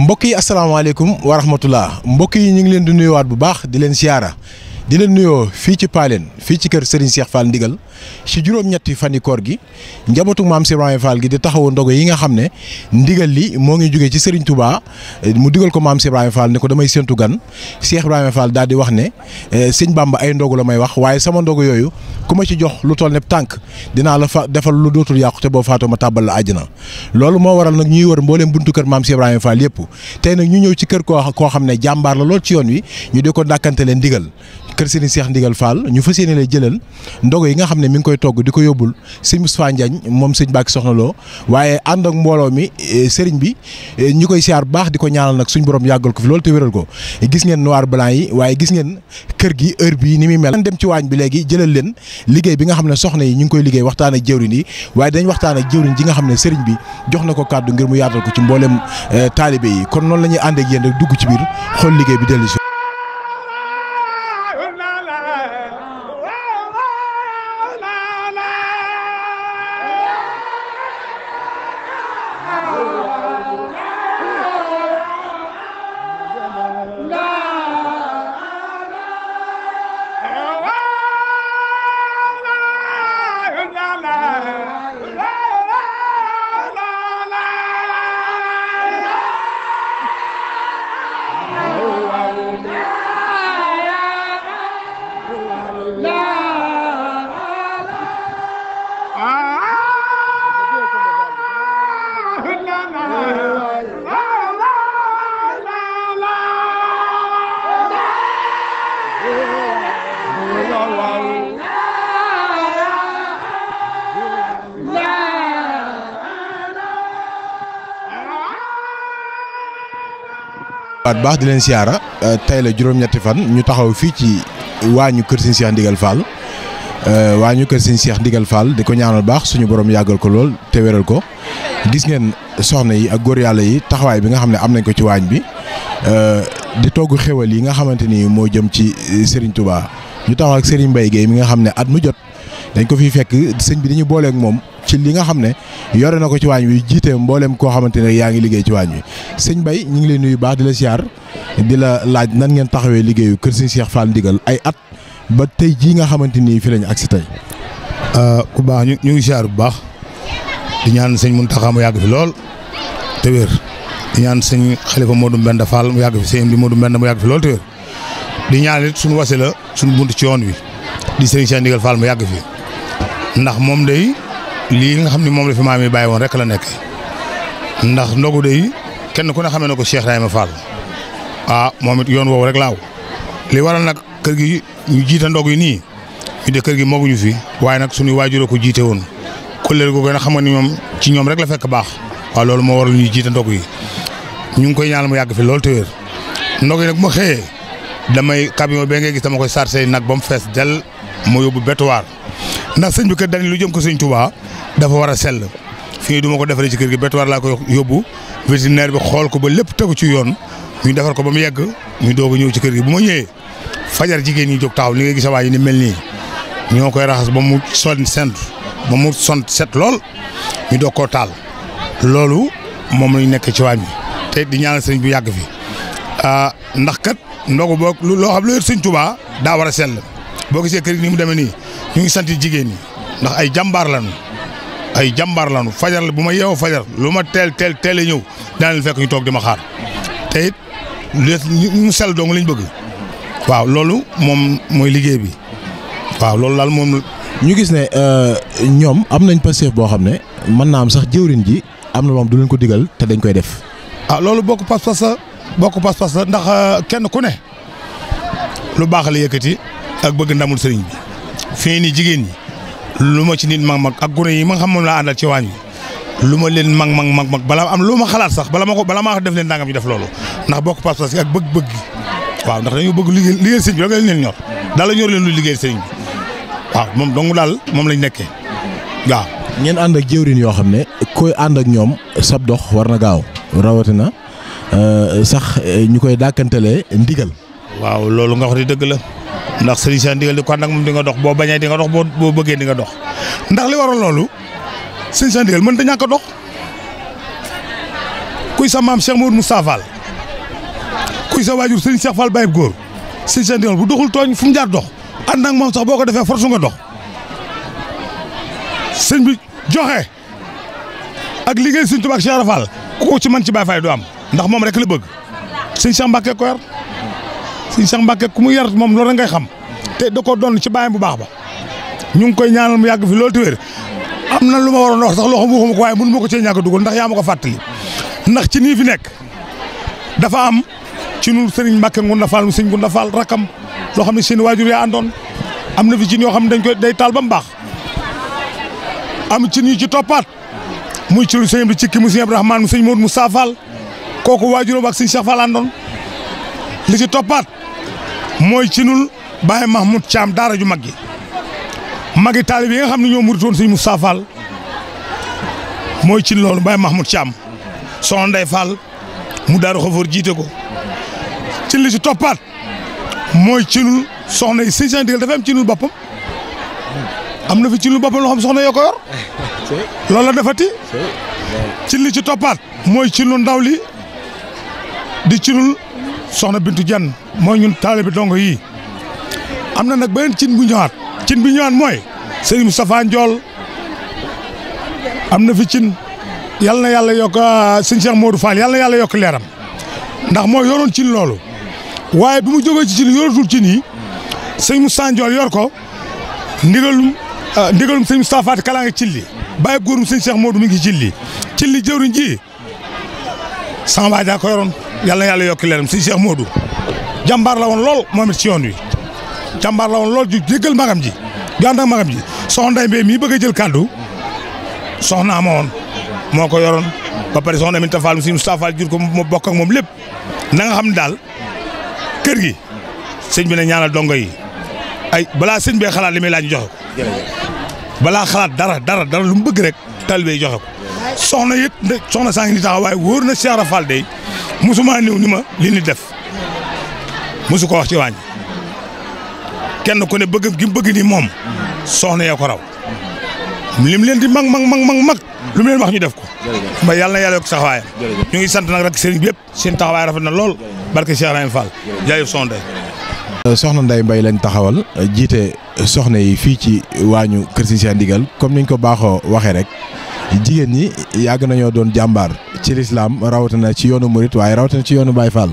mbokk yi asalaamaaleykum wa rahmatullah mbokk yi ñu ngi leen di nuyowaat bu baax di leen siyaara di nuyoo fii ci Paaleen fii ci kër Serigne Cheikh Fall Ndigal ci juróom-ñetti fani koor gi njabootu maam si Ibrahima Fall gi di taxawu ndogo yi nga xam ne ndigal li moo ngi jógee ci Serigne tubaa mu digal ko maam si Ibrahima Fall ne ko damay séntu gan Cheikh Ibrahima Fall daal di wax ne eh, sëñ Bamba ay ndogu la may wax waaye sama ndogu yooyu ku ma ci jox lu toll ne tànk dinaa la fa defal lu dootul yàqu te boo faatoo ma tàbbal la àjjana loolu moo waral nag ñuy wër mbooleem buntu kër maam si Ibrahima Fall yëpp tey nag ñu ñëw ci kër koo koo xam ne jàmbaar la lool ci yoon wi ñu di ko dàkkante leen ndigal kër Serigne Cheikh Ndigal Fall ñu fas yéene lay jëlal ndogo yi nga xam ne mi ngi koy togg di ko yóbbul sëñ Moustapha Ndiagne moom sëñ Mbacke Soxna Lo waaye ànd ak mbooloo mi e, sëriñ bi e, ñu koy siyaar baax di ko ñaanal nag suñ borom yàggal ko fi loolu te wéral ko gis ngeen noir blanc yi waaye gis ngeen kër gi heure bi ni muy mel dem ci waañ bi léegi jëlal leen liggéey bi nga xam ne soxna yi ñu ngi koy liggéey waxtaan ak jëwriñ yi waaye dañ waxtaan ak jëwriñ ji nga xam ne sëriñ bi jox na ko kàddu ngir mu yaatal ko ci mbooleem e, taalibe yi kon noonu la ñuy ànd ak yéen dugg ci biir xool liggéey bi dellu si nuyuwaat baax di leen siyaara euh, tey la juróom-ñetti fan ñu taxaw fii ci waañu kër Serigne Cheikh Ndigal Fall euh, waañu kër Serigne Cheikh Ndigal Fall di ko ñaanal baax suñu boroom yàggal ko lool te wéral ko gis ngeen soxna yi ak góor yàlla yi taxawaay bi nga xam ne am nañ ko ci waañ bi euh, di togg xéwal yi nga xamante ni moo jëm ci Serigne tubaa ñu taxaw ak Serigne Mbaye Guèye mi nga xam ne at mu jot dañ ko fi fekk sëñ bi dañu booleek moom ci li nga xam ne yore na ko ci waañ wi jiitee mbooleem koo xamante ne yaa ngi liggéey ci waañ wi sëñ Bay ñu ngi leen nuyu baax di la siyaar di la laaj nan ngeen taxawee liggéeyu kër sëñ Cheikh Fall Ndigal ay at ba tey jii nga xamante ni fi lañ agsi tey. Ah, ku baax ñu ñu ngi siyaar bu baax di ñaan mun Muntaxa mu yàgg fi lool te wér di ñaan sëñ Xalifa Modou Mbenda Fall mu yàgg fi seen sëñ bi Modou Mbenda mu yàgg fi lool te wér di ñaan it suñu wasila suñu bunt ci yoon wi di sëriñ Cheikh Ndigal Fall mu yàgg fi lii nga xam ne moom la fi maam yi bàyyi woon rek la nekk ndax ndogu day kenn ku ne xamee na ko Cheikh ma Fall ah moom it yoon woowu rek laaw li waral nag kër gi ñu jiita ndog yi nii ñu de kër gi mooguñu fi waaye nag suñu waajuroo ko jiite woon ku kulleel googu nag xam nga ni ñoom ci ñoom rek la fekk baax waaw loolu moo waral ñuy yi ñu ngi koy ñaanal mu yàgg fi loolu te wér ndog yi nag xëyee damay camion bee ngay gis dama koy sarse nag ba mu fees dell mu yóbbu bettuwaar ndax sëñ bi kat dañ lu jëm ko sëñ Touba dafa war a sell fii du ma ko defaree ci kër gi war laa koy yóbbu vétérinaire bi xool ko ba lépp tegu ci yoon ñu defar ko ba mu yegg ñu doog a ñëw ci kër gi bu ma ñëwee fajar jigéen ñi jóg taaw li nga gis waa ji ni mel nii ñoo koy raxas ba mu son sent ba mu sont set lool ñu doog koo taal loolu moom lañ nekk ci waañ bi te di ñaanal sëñ bu yàgg fi ah, ndax kat ndogu boo loo xam loo sëñ Tuubaa daa war a sell boo see kër gi ni mu demee nii ñu ngi sant jigéen ñi ndax ay jàmbaar lañu ay jàmbaar lañu fajar la bu ma yeewoo fajar lu ma teel teel teel a ñëw daan leen fekk ñu toog di ma xaar te it ñu sell dong lañ bëgg waaw loolu moom mooy liggéey bi waaw loolu laal moom. ñu gis ne euh, ñoom am nañ passif boo xam ne mën naa am sax jëwriñ ji am na moom du leen ko digal te dañ koy def. ah loolu bokk pas-pas la bokk pas-pas la ndax euh, kenn ku ne lu baax la yëkkati ak bëgg ndamul sëriñ bi fii nii jigéen ñi. lu ma ci nit mag mag ak gune yi ma nga xam moom laa àndal ci waañ wi lu ma leen mag mag mag mag balaa am lu ma xalaat sax bala ma ko bala maa def leen dangam ñu def loolu ndax bokk pas-pas ak bëgg-bëgg waaw ndax dañoo bëgg liggéey liggéey sëñ bi rek lañ leen ñor daal la ñor leen lu liggéey sëñ bi waaw moom dong daal moom lañ nekkee waaw. ngeen ànd ak jëwrin yoo xam ne koy ànd ak ñoom sab dox war na gaaw rawatina euh, sax euh, ñu koy dàkkantalee ndigal. waaw loolu nga wax dëgg la ndax sëriñ Cheikh di ko ànd moom di nga dox boo bañee di nga dox boo bëggee di nga dox ndax li waroon loolu sëriñ Cheikh ndigal mën ta dox kuy sa maam Cheikh Mawud Moustapha Fall kuy sa waajur sëriñ Cheikh bay Baye góor sëriñ Cheikh ndigal bu doxul tooñ fu mu jaar dox ànd ak moom sax boo ko defee force nga dox sëñ bi joxe ak liggéey sëriñ Tuubaa ak Cheikh Fall ku ko ci man ci Baay Faal du am ndax moom rek la bëgg sëriñ Cheikh Mbacke ko yar sëñ Cheikh Mbacke ku mu yar moom loolu ngay xam te da ko doon ci bàyyam bu baax ba ñu ngi koy ñaanal mu yàgg fi loolu te wér am na lu ma waroon wax sax loo xam waxuma ko waaye mënu ma ko cee ñàkk dugal ndax yaa ma ko fàttali ndax ci nii fi nekk dafa am ci ñun sëriñ Mbacke Ngounda Fall mu sëñ Ngounda Fall rakam loo xam ne seen waajur yaa andoon am na fi ci yoo xam ne dañ koy day taal ba mu baax am ci ñu ci toppaat muy ci sëñ bi cikki mu sëñ Abdourahmane mu sëñ Modou Moussa kooku waajuram ak sëñ Cheikh Fall àndoon li ci toppaat mooy cinul Baye Mahmoud Thiam daara ju mag gi magi taalib yi nga xam ne ñoo muritoon sëñ Moustapha Fall mooy cin loolu Baye Mahmoud Thiam soxna Ndeye Fall mu daaru xafoor jiite ko ci li ci toppaat mooy cinul soxna yi sëñ digal dafa am cinul boppam am na fi cinul boppam loo soxna yoo ko yor loolu la defati ci li ci toppaat mooy cinul ndaw li di cinul soxna Bintu Dieng mooy ñun taalibe dongo yi am na nag beneen cin bu ñëwaat cin bi ñëwaat mooy sëriñ Moustapha Ndiol am na fi cin yal na yàlla yokk ah, sëñ Cheikh Modou Fall na yàlla yokk leeram ndax moo yoroon cin loolu waaye bi mu jógee ci cin yoratul cin yi sëñ Moustapha Ndiol yor ko ndigalum ah, ndigalum sëñ Moustapha Faty Kala nga cin li bàyyi góorum sëñ Cheikh Modou mi ngi cin li cin li jëwriñ ji sama baay daa ko na yàlla yokk leeram sëñ Cheikh Modou jàmbaar la woon lool moom it ci yoon wi jàmbaar la woon lool ju jéggal magam ji ju ànd ak magam ji soxna Ndeye mii bëgg a jël kàddu soxnaa ma woon moo ko yoroon ba pare soxna Aminta Fall si Moustapha Fall jur ko mu bokk moom lépp na nga xam ne kër gi sëñ bi ne ñaanal dongo yi ay balaa sëñ bee xalaat li muy laaj joxe ko balaa xalaat dara dara dara lu bëgg rek talibé joxe ko soxna yëpp soxna saa ngi ni taxaw waaye wóor na Cheikh Rafal day musuma ñëw def mësu ko wax ci waañ kenn ku ne bëgg gi bëgg ni moom soxna ya ko raw lim leen di mag mag mag mag mag lu mu leen wax ñu def ko ba yàlla na yàlla yokk taxawaayam ñu ngi sant nag rek sëriñ bi yëpp seen taxawaay rafet na lool barke Cheikh Rahim Fall jaayëf soxna Ndeye euh, soxna Ndeye Mbaye lañ taxawal jiite soxna yi fii ci waañu kër si Cheikh Ndigal comme niñ ko baaxoo waxee rek jigéen ñi yàgg nañoo doon jàmbaar ci lislaam rawatina ci yoonu murit waaye rawatina ci yoonu Baye Fall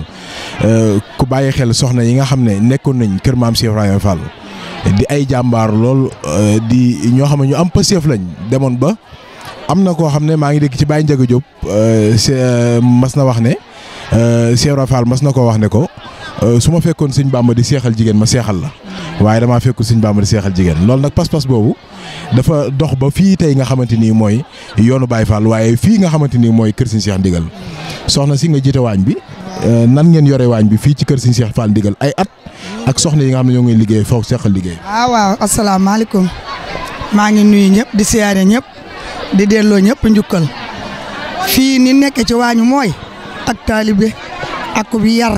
euh, ku bàyyi xel soxna yi nga xam ne nekkoon nañ kër maam Cheikh Fall di ay jàmbaar lool euh, di ñoo xam ne ñu am pëseef lañ demoon ba am na koo xam ne maa ngi dégg ci Baye Ndiaga Diop euh, mas na wax ne Cheikh Ibrahima Fall mas na koo wax ne ko su ma fekkoon sëñ Bàmba di seexal jigéen ma seexal la waaye damaa fekku sëñ Bàmba di seexal jigéen loolu nag pas-pas boobu. dafa dox ba fii tey nga xamante ni mooy yoonu Baye Fall waaye fii nga xamante ni mooy kër Serigne Cheikh Ndigal soxna si nga jiite waañ bi euh, nan ngeen yore waañ bi fii ci kër Serigne Cheikh Fall Ndigal ay at ak soxna yi nga xam ne ñoo ngi liggéey foog seqal liggéey. waaw ah, waaw asalaamaaleykum maa ngi nuyu ñëpp di siyaare ñëpp di delloo ñëpp njukkal fii ni nekk ci waañu mooy ak taalibe ak bi yar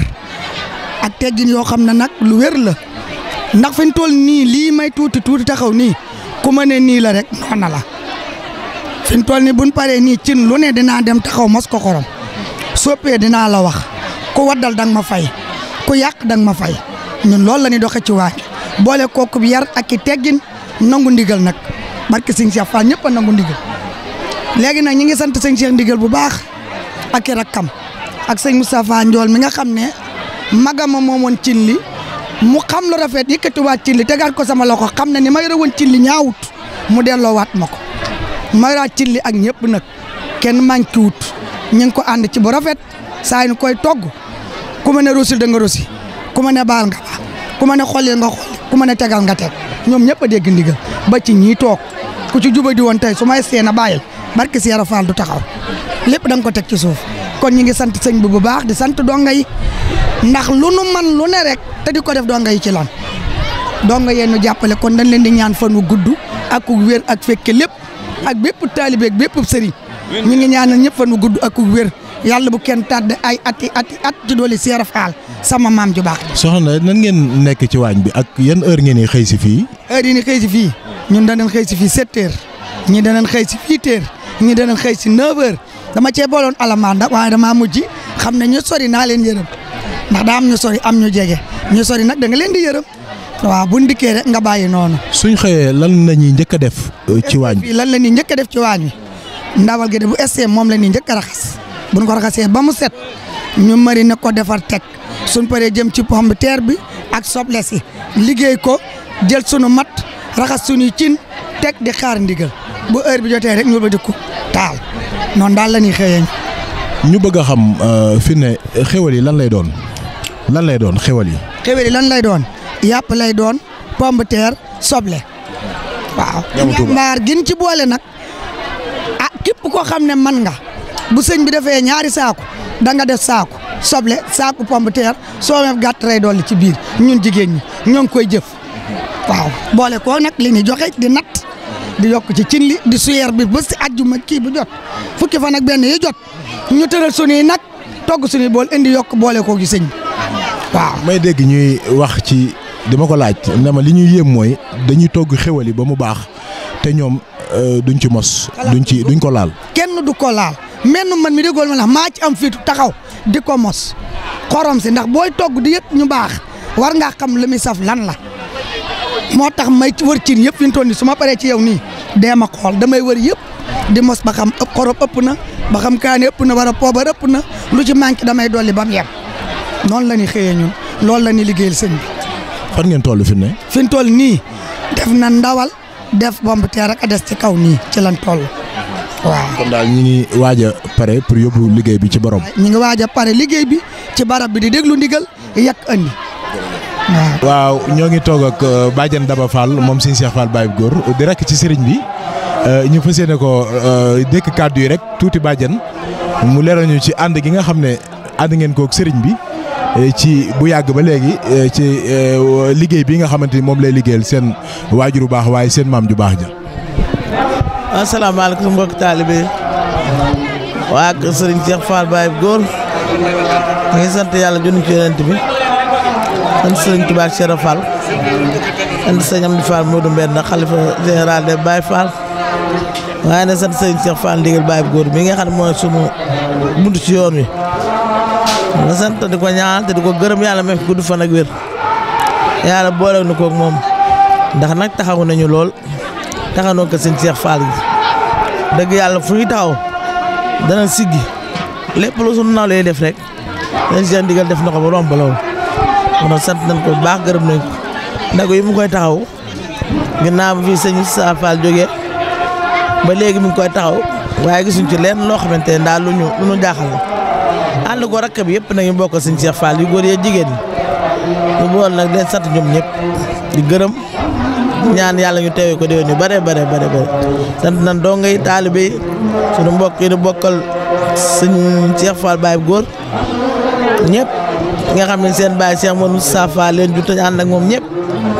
ak teggin yoo xam ne nag lu wér la ndax fi ñu toll nii lii may tuuti tuuti taxaw nii. ku ma ne nii la rek noona la fi ni toll nii paree nii cin lu ne dinaa dem taxaw mos ko xorom soppee dinaa la wax ku waddal danga ma fay ku yàq danga ma fay ñun loolu la ñuy doxee ci waañ boole kooku yar ak i teggin nangu ndigal nag barke sëñ Cheikh Fall ñëpp nangu ndigal léegi nag ñi ngi sant sëñ Cheikh ndigal bu baax ak i rakkam ak sëñ Moustapha Ndiol mi nga xam ne magama moomoon cin li mu xam lu rafet yi yëkkatiwaat cin li tegaat ko sama loxo xam ne ni may yore woon cin li ñaawut mu delloowaat ma ko ma yoraat cin li ak ñëpp nag kenn manqué wut ñu ngi ko ànd ci bu rafet saa ñu koy togg ku mën a rosil da nga rosi ku mën ne baal nga baal ku mën a xolli nga xolli ku mën a tegal nga teg ñoom ñëpp a dégg ndigal ba ci ñii toog ku ci juba di woon su may seen a bàyyil barki Seera Faal du taxaw lépp da ko teg ci suuf kon ñi ngi sant sëñ bi bu baax di sant donga yi ndax lu nu man lu ne rek te di ko def donga yi ci lan donga yéen ñu jàppale kon dañ leen di ñaan fan wu gudd ak ku wér ak fekke lépp ak bépp taalibe ak bépp sëriñ ñu ngi ñaanal ñëpp fan wu gudd ak ku wér yàlla bu kenn tàdd ay ati ati at ci doole Seera Faal sama maam ju baax. soxna nan ngeen nekk ci waañ bi ak yan heure ngeen di xëy si fii. heure yi ni xëy si fii ñun danañ xëy si fii sept heures ñii danañ xëy si huit heures ñii danañ xëy si neuf dama cee booloon alamaan da waaye damaa xam ne ñu sori naa leen yërëm. ndax daa am ñu sori am ñu jege ñu sori nag da nga leen di yërëm waaw bu ndikkee rek nga bàyyi noonu. suñ xëyee lan la ñuy njëkk a def. Euh, ci waañ bi la ñuy njëkk a def ci waañ bi ndawal gi de bu essee moom la ñuy njëkk a raxas buñ ko raxasee ba mu set ñu mari ne ko defar teg suñ paree jëm ci pomme de bi ak soble si liggéey ko jël suñu mat raxas suñuy cin teg di xaar ndigal bu heure bi jotee rek ñu ba ko taal noonu daal la ñuy xëyee ñu bëgg a xam euh, fi ne xéwal yi lan lay doon. lan lay doon xéwal yi. xéwal yi lan lay doon yàpp lay doon pomme de soble. waaw ñambaar gin ci boole nag ah képp koo xam ne man nga bu sëñ bi defee ñaari saaku danga def saaku soble saaku pomme de terre soomee gàtt rey dolli ci biir ñun jigéen ñi ñoo ngi koy jëf waaw boole koo nag li ñu joxe di natt di yokk ci cin li di suyeer bi ba si àjjuma kii bu jot fukki fan ak benn yi jot ñu tëral sunuy nag togg sunuy bool indi yokk boole koo gi sëñ waaw may dégg ñuy wax ci dama ko laaj na ma li ñuy yéem mooy dañuy togg xéwal yi ba mu baax te ñoom euh, duñ ci mos. duñ ci duñ ko laal. kenn du ko laal menn man mi déggoo ma la maa ci am fiitu taxaw di ko mos xorom ndax booy togg di ñu baax war ngaa xam li muy saf lan la moo tax may wër cin yëpp fi mu toll nii su ma paree ci yow nii dee ma xool damay wër yëpp di mos ba xam ëpp xorom ëpp na ba xam kaani ëpp na war wala poobar ëpp na lu ci manqué damay dolli ba mu yem noonu la ñuy xëyee ñun loolu la ñuy liggéeyal sëñ bi. fan ngeen toll fi mu ne. fi nii def na ndawal def bomb teer ak a des ci kaw nii ci lan toll waaw. kon daal ñu ngi waaj a pare pour yóbbu liggéey bi ci borom. ñu ngi waaj a pare liggéey bi ci barab bi di déglu ndigal yàq andi. waaw ñoo ngi toog ak euh, Badiane Daba Fall moom Serigne Cheikh Fall Baye Góor di rek ci sëriñ bi euh, ñu fas yéene ko euh, dëkk kàddu yi rek tuuti Badiane mu leeral ñu ci ànd gi nga xam ne ànd ngeen kook sëriñ bi Eh, ci bu yàgg ba léegi eh, ci eh, liggéey bii nga xamante ni moom lay liggéeyal seen waajur bu baax waaye seen maam ju baax ja asalaamaaleykum mbokk taalibe waa kër Serigne Cheikh Fall Baye góor ñu ngi sant yàlla junni ci yonent bi sant Serigne Touba Cheikh Fall sant sëñ Amdi Fall Modou Mbène na xalifa général de Baye Fall waaye ne sant Serigne Cheikh Fall ndigal Baye góor bi nga xam ne mooy sunu bunt ci yoon wi nga sant di ko ñaanal te di ko gërëm yàlla may fi gudd fan ak wér yàlla boole nu koog moom ndax nag taxawu nañu lool taxaw nañu ko seen Cheikh Fall dëgg yàlla fu taxaw dana siggi lépp lu sunu naaw lay def rek dañ seen digal def na ko ba romb lool kon sant nañ ko baax gërëm nañ ko ndago yi mu koy taxaw ginnaaw bi fii sëñ Cheikh Fall jógee ba léegi mu ngi koy taxaw waaye gisuñ ci leen loo xamante ne daal lu ñu lu ñu jaaxal la ànd ko bi yëpp nag ñu bokk sëñ Cheikh Fall yu góor ya jigéen ñu bool nag leen sant ñoom ñëpp di gërëm ñaan yàlla ñu teewee ko déwén ñu bare bare bare bare sant nañ doo ngay yi suñu mbokk yi ñu sëñ Cheikh Fall baay góor ñëpp nga xam ne seen baay Cheikh Mouhamadou Moustapha Fall leen ju moom ñëpp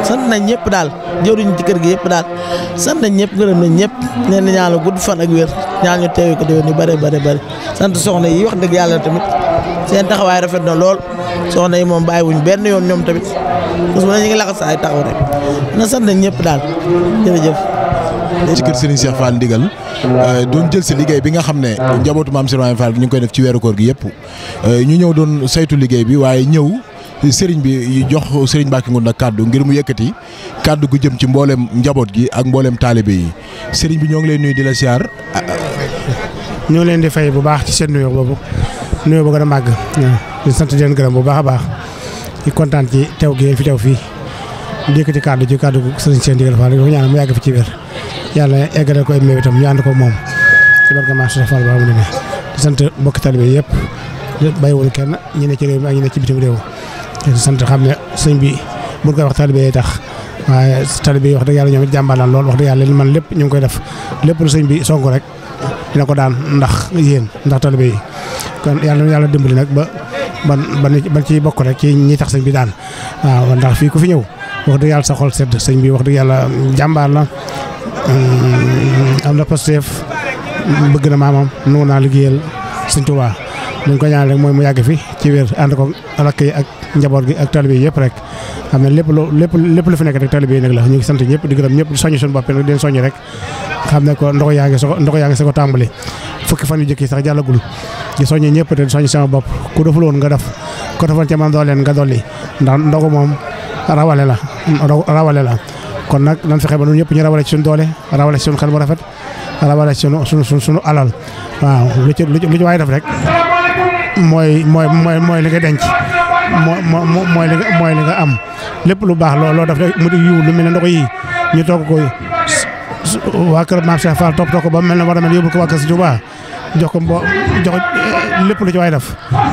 sant nañ ñëpp daal jëruñ ci kër gi yëpp daal sant ñëpp gërëm nañ ñëpp nee gudd fan ak wér ñaan ñu teewee ko déwén ñu bare bare bare wax dëgg yàlla tamit seen taxawaay rafet na lool soxna yi moom bàyyi wuñ benn yoon ñoom tamit parce que ñu ngi laxas ay taxaw rek na sant nañ ñëpp daal ci kër Serigne Cheikh Fall ndigal euh, doon jël si liggéey bi nga xam ne njabootu maam Serigne Fall ñu ngi koy def ci weeru koor gi yëpp euh, ñu ñëw doon saytu liggéey bi waaye ñëw sëriñ bi jox sëriñ Mbacke Ngounda kàddu ngir mu yëkkati kàddu gu jëm ci mbooleem njaboot gi ak mbooleem taalibe yi sëriñ bi ñoo ngi lay nuyu di la siyaar. ñoo leen di fay bu baax ci seen boobu. nuyoo ba gën a màgg di sant di leen bu baax a baax di kontaan ci tew gi fi tew fii di yëkkati kàddu ci kàddu sëriñ seen digal mu yàgg fi ci wér yàlla eggale ko ay méew itam ñu ko moom ci barke Maam Cheikh Fall ba mu ne di sant mbokki talibé yëpp kenn ñi ne ci réew mi ñi ne ci bitim réew di sant xam ne sëñ bi bu koy wax talibé tax waaye talibé wax dëgg yàlla ñoom it lool wax dëgg yàlla man lépp ñu ngi koy def lépp lu bi sonk rek dina ko daan ndax yéen ndax talibé yi kon yàlla yàlla dimbali nag ba ban ban ci bokk rek ci ñi tax sëñ bi daan waaw ndax fii ku fi ñëw wax dëgg yàlla sa xol sedd sëñ bi wax dëgg yàlla jàmbaar la mm, am na Pastef bëgg na maamam nu naa liggéey sëñ Tuubaa dañ ko ñaan rek mooy mu yàgg fi ci wér ànd ko rakk yi njaboot gi ak talibé yëpp rek xam ne lépp loo lépp lépp lu fi nekk rek talibé yi nag la ñu sant ñëpp di gërëm ñëpp di soññ suñu bopp nag di leen soññ ko ndox yaa ngi soo fan yu jëkk yi sax jàllagul di ñëpp te di soññ nga def ko defoon ca man dooleen nga dolli ndax ndogu moom rawale la rawale la kon nag nan fexe ba ñun ñëpp ñu rawale ci suñu doole rawale ci xel bu rafet rawale ci suñu suñu suñu alal waaw lu ci lu ci waaye def rek mooy mooy mooy li nga denc moo mooy li nga mooy li nga am lépp lu baax looloo daf rek mu di yiw lu mel ne ndox yi ñu togg ko waa kër Maam Cheikh Fall toppatoo ko ba mel ne war a mel yóbbu ko waa si Touba jox ko mbo jox eh, lépp lu ci def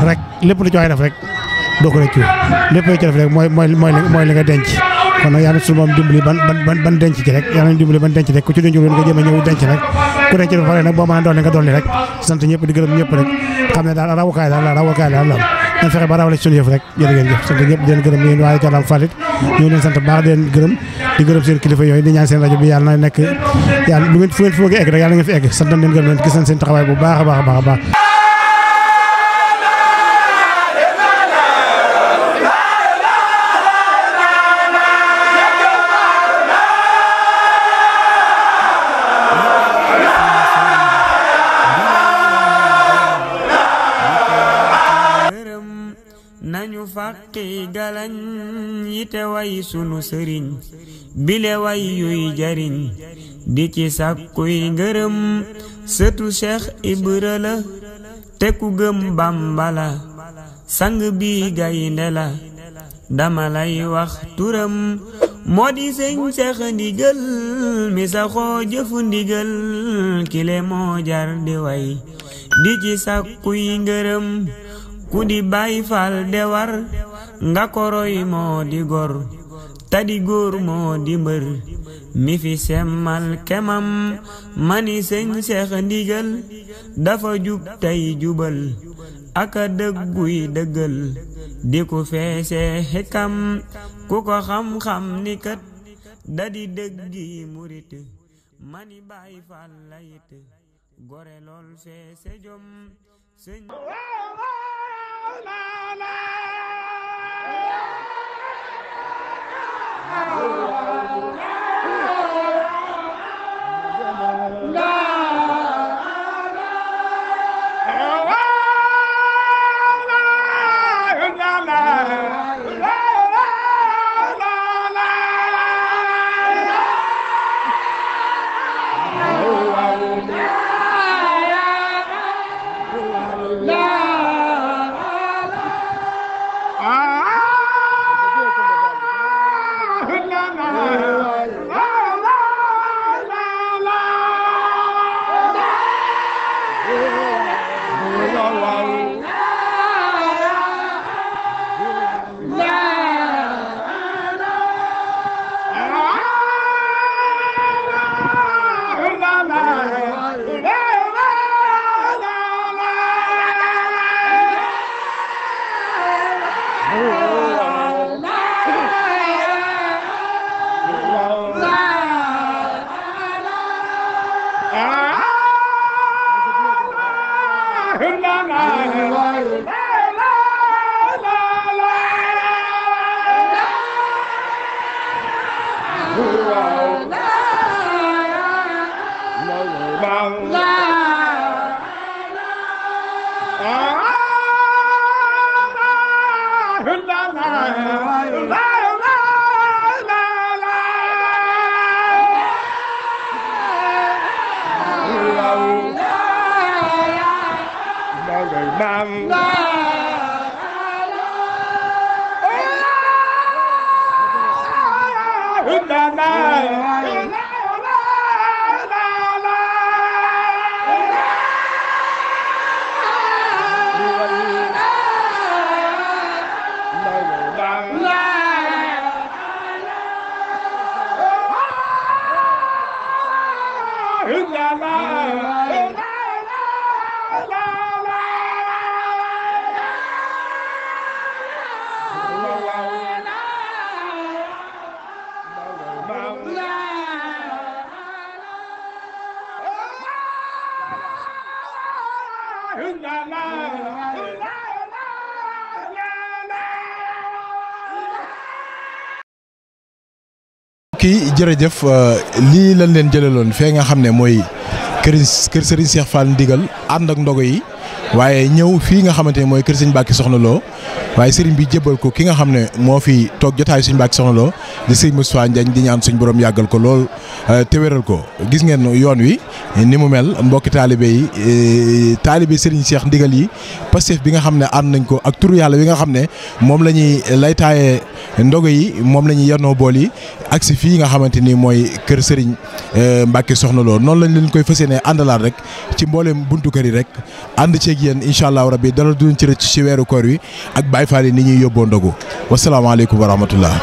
rek lépp def rek doo ko rëccu lépp lu ci def rek mooy mooy li nga denc. kon nag yàlla na suñu ban denc ci rek yàlla na dimbali ban denc rek ku ci denc loolu nga jéem a ñëw denc rek ku denc ba pare nag boo a dolli nga dolli rek sant ñëpp di gërëm ñëpp rek xam ne daal rawukaay daal rawukaay daal la dañ fexe ba rawale suñu yëf rek jërë ngeen jëf sant ñëpp di leen gërëm yéen waaye Thiam Falit ñoo leen sant baax di gërëm di gërëm seen kilifa yooyu di ñaan seen rajo bi yàlla na nekk yàlla lu ngeen fu ngeen fi bëgg egg rek yàlla na ngeen fi egg sant nañ gërëm leen gis nañ seen taxawaay bu baax baax baax yi galañ yi te way sunu sëriñ bile way yuy jariñ di ci sàkkuy ngërëm sëtu Cheikh Ibra la te ku gëm Bàmba la sang bi gaynde la dama lay wax turam moo di sëñ Cheikh ndigal jëfu ndigal kile moo di way di ci sàkkuy ngërëm ku di Baay de war nga koroy moo di gor tadi góor moo di mbër mi fi semmal kemam mani sëñ seex ndigal dafa jub tey jubal aka dëgguy dëggal di ku feese xikam ku ko xam-xam ni kat dadi dëggi murit la la waaw la la la yi jërëjëf euh, lii lañ leen jëlaloon fee nga xam ne mooy kër kër Serigne Cheikh Fall ndigal ànd ak ndogo yi waaye ñëw fii nga xamante ne mooy kër sëñ Mbacke soxnaloo waaye sëriñ bi jébbal ko ki nga xam ne moo fi toog jotaayu suñ Mbacke Soxna Lo di sëriñ Moustapha Ndiagne di ñaan suñ borom yàggal ko lool euh, te ko gis ngeen yoon wi ni mu mel mbokki taalibe yi euh, taalibe sëriñ Cheikh ndigal yi Pastef bi nga xam ne ànd nañ ko ak turu yàlla wi nga xam ne moom la ñuy laytaaye yi moom la ñuy yanoo bool yi ak si fii nga xamante ni mooy kër sëriñ euh, Mbacke Soxna Lo noonu lañ leen koy fas yéene àndalaat rek ci mbooleem buntu kër yi rek ànd ceeg yéen incha allahu rabbi dana duñ ci rëcc ci weeru koor yi ak Baye Fall yi ni ñuy yóbboo ndogu wasalaamaaleykum wa rahmatullah